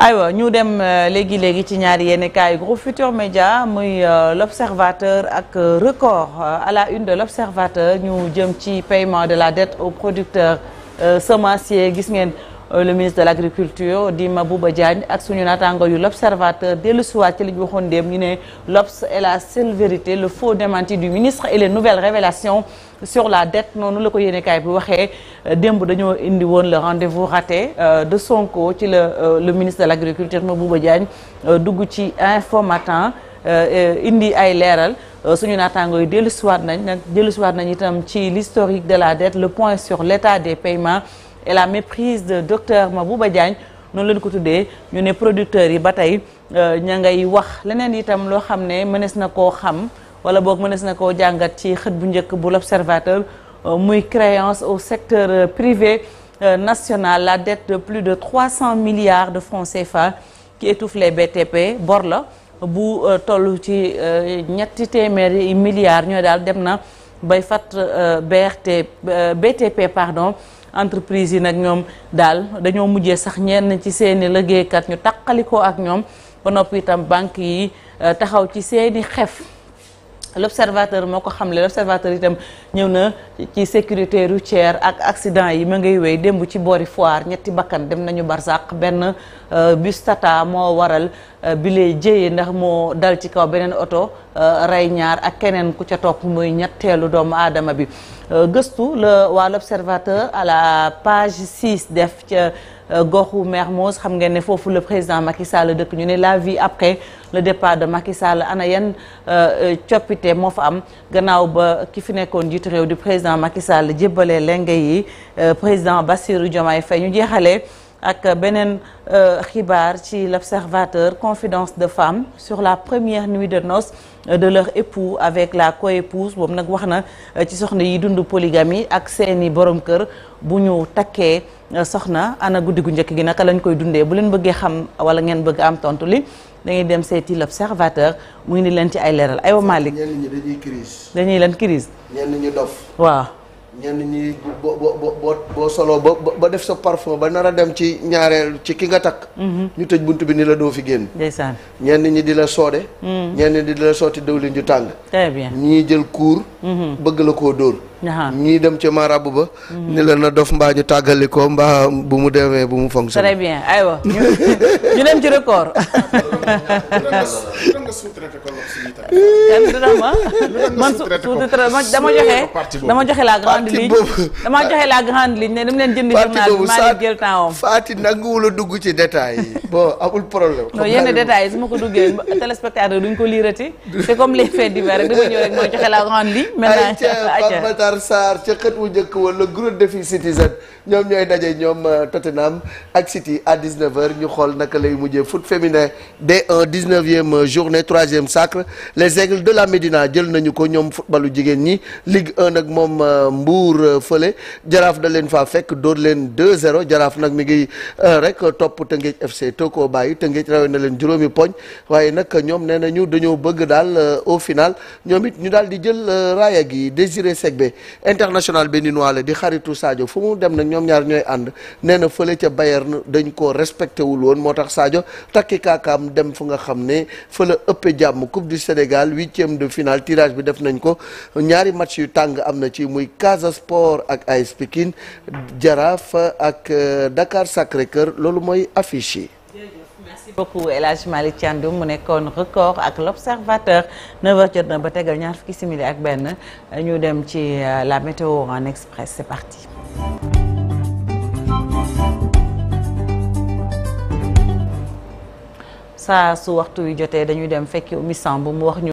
aywa ñu dem euh, léegi léegi ci ñaari yenn kaay groupe Futurs Médias muy euh, l'observateur ak euh, record à la une de l'observateur ñu jëm ci paiement de la dette au producteurs semenciers gis ngeen. Euh, le ministre de l'agriculture di Mabouba Diagne ak suñu naataango yu l'observateur dellu siwaat ci li ñu waxoon démb ñu ne l'Obs et la seule vérité le faux démenti du ministre et les nouvelles révélations sur la dette noonu la ko yéenekaay bi waxee euh, démb dañoo indi woon le rendez-vous raté euh, de Sonko ci la le ministre de l'agriculture Mabouba Diagne dugg ci Info Matin indi ay leeral suñu naataango yi dellu siwaat nañ nag dellu siwaat nañ itam ci l'historique de la dette le point sur l'état des paiements et la méprise de docteur ba Diagne noonu leen ko tuddee ñu ne producteurs yi ba tey euh, ña ngay wax leneen itam loo xam ne mënees na koo xam wala boog mënees na koo jàngat ci xët bu njëkk bu l'observateur euh, muy créance au secteur euh, privé national la dette de plus de trois 300 milliards de francs CFA qui étouffe BTP bor la bu toll ci ñetti téeméeri milliards ñoo daal dem na bay fat BRT BTP pardon entreprise yi nag ñoom daal dañoo mujje sax ñenn ci seeni liggéeykat ñu taqalikoo ak ñoom ba noppi itam banque yi euh, taxaw ci seeni xef l'observateur moo ko xamle l'observateur itam ñëw na ci sécurité routière ak accident yi ma ngay wéy démb ci boori foire ñetti bakkan dem nañu barsàq benn euh, bus tata moo waral euh, bile jëye ndax moo dal ci kaw beneen oto euh, rey ñaar ak keneen ku ca topp muy ñetteelu doomu aadama bi gëstu la waa l'observateur à la page 6 def ca goxu Mermoz xam nga ne foofu la président Macky Sall dëkk ñu ne la vie après le départ de Macky Sall ana yan euh, euh, coppite moo fa am gannaaw ba ki fi nekkoon jiitu réew di président Macky Sall jébbalee lenge yi euh, président Bassirou Diomaye Faye ñu jeexalee. ak beneen euh, xibaar ci l'Observateur confidence de femmes sur la première nuit de noces euh, de leur époux avec la pouse boobu nag wax na euh, ci soxna yi dund polygamie ak seeni borom kër bu ñu takkee soxna ana guddi gu njëkk gi naka lañ koy dundee bu leen bëggee xam wala ngeen bëgg am tontu li da ngay dem seeti l'Observateur mu indi leen ci ay leeral aywa Malick. ñenn dañuy crise. dañuy leen crise. ñenn ñenn ñi bo bo bo boo soloo ba ba def sa parfum ba nar a dem ci ñaareel ci ki nga takk. Mm-hmm. ñu tëj bunt bi ni la doo fi génn. ndeysaan ñenn ñi di la soode. Mm. ñenn ñi di la sotti dëwlin ju tàng. très bien ñii jël kuur. Mm-hmm. bëgg la koo dóor. ñii dem ca marabu ba. Mm-hmm. ni la na dof mbaa ñu tàggali ko mbaa bu mu demee bu mu fonctionné. très bien aywa ñu dem ci record. man dama joxe dama joxe la grande ligne dama joxe la grande ligne ne dama leen jënd journal bi maa leen jël temps am. Fati nanguwul a dugg ci détails yi bon amul problème. non yenn détails yi su ma ko duggee téléspectateur duñ ko liirati c'est comme les faits divers rek dama ñëw rek mooy joxe la grande ligne. maintenant ayca Omar Sarr ca xët wu njëkk wala gros défi Citizen ñoom ñooy daje ñoom euh, Tottenham ak City à 19 ñu xool naka lay mujjee foot féminin D1 19e journée 3e sacre les aigles de la Médina jël nañu ko ñoom footballu jigéen ñi Ligue 1 nag moom euh, Mbour euh, fële jaraaf da leen faa fekk dóor leen deux 0 jaraaf nag mi ngi rek topp Tëngéej FC te koo bàyyi Tëngéej rawee na leen juróomi poñ waaye nag ñoom nee ñu dañoo bëgg daal au final ñoom it ñu daal di jël raaya gi Désiré Segbe international béninois la di xaritu Sadio fu mu dem nag ñoom ñaar ñooy ànd nee na fële ca Bayern dañ koo respecté wul woon moo tax Sadio takki kaakaam dem fu nga xam ne fële ëppee jàmm Coupe du Sénégal huitième de finale tirage bi def nañ ko ñaari match yu tàng am na ci muy Casa Sport ak AS Pikine Jaraaf ak euh, Dakar Sacré-Cœur loolu mooy affiche merci beaucoup El Hadj mu nekkoon record ak l'observateur 9 jot na ba tegal ñaar fukki simili ak benn ñu dem ci euh, la météo en express c'est su waxtu wi jotee dañu dem fekki Oumy Samb mu wax ñu.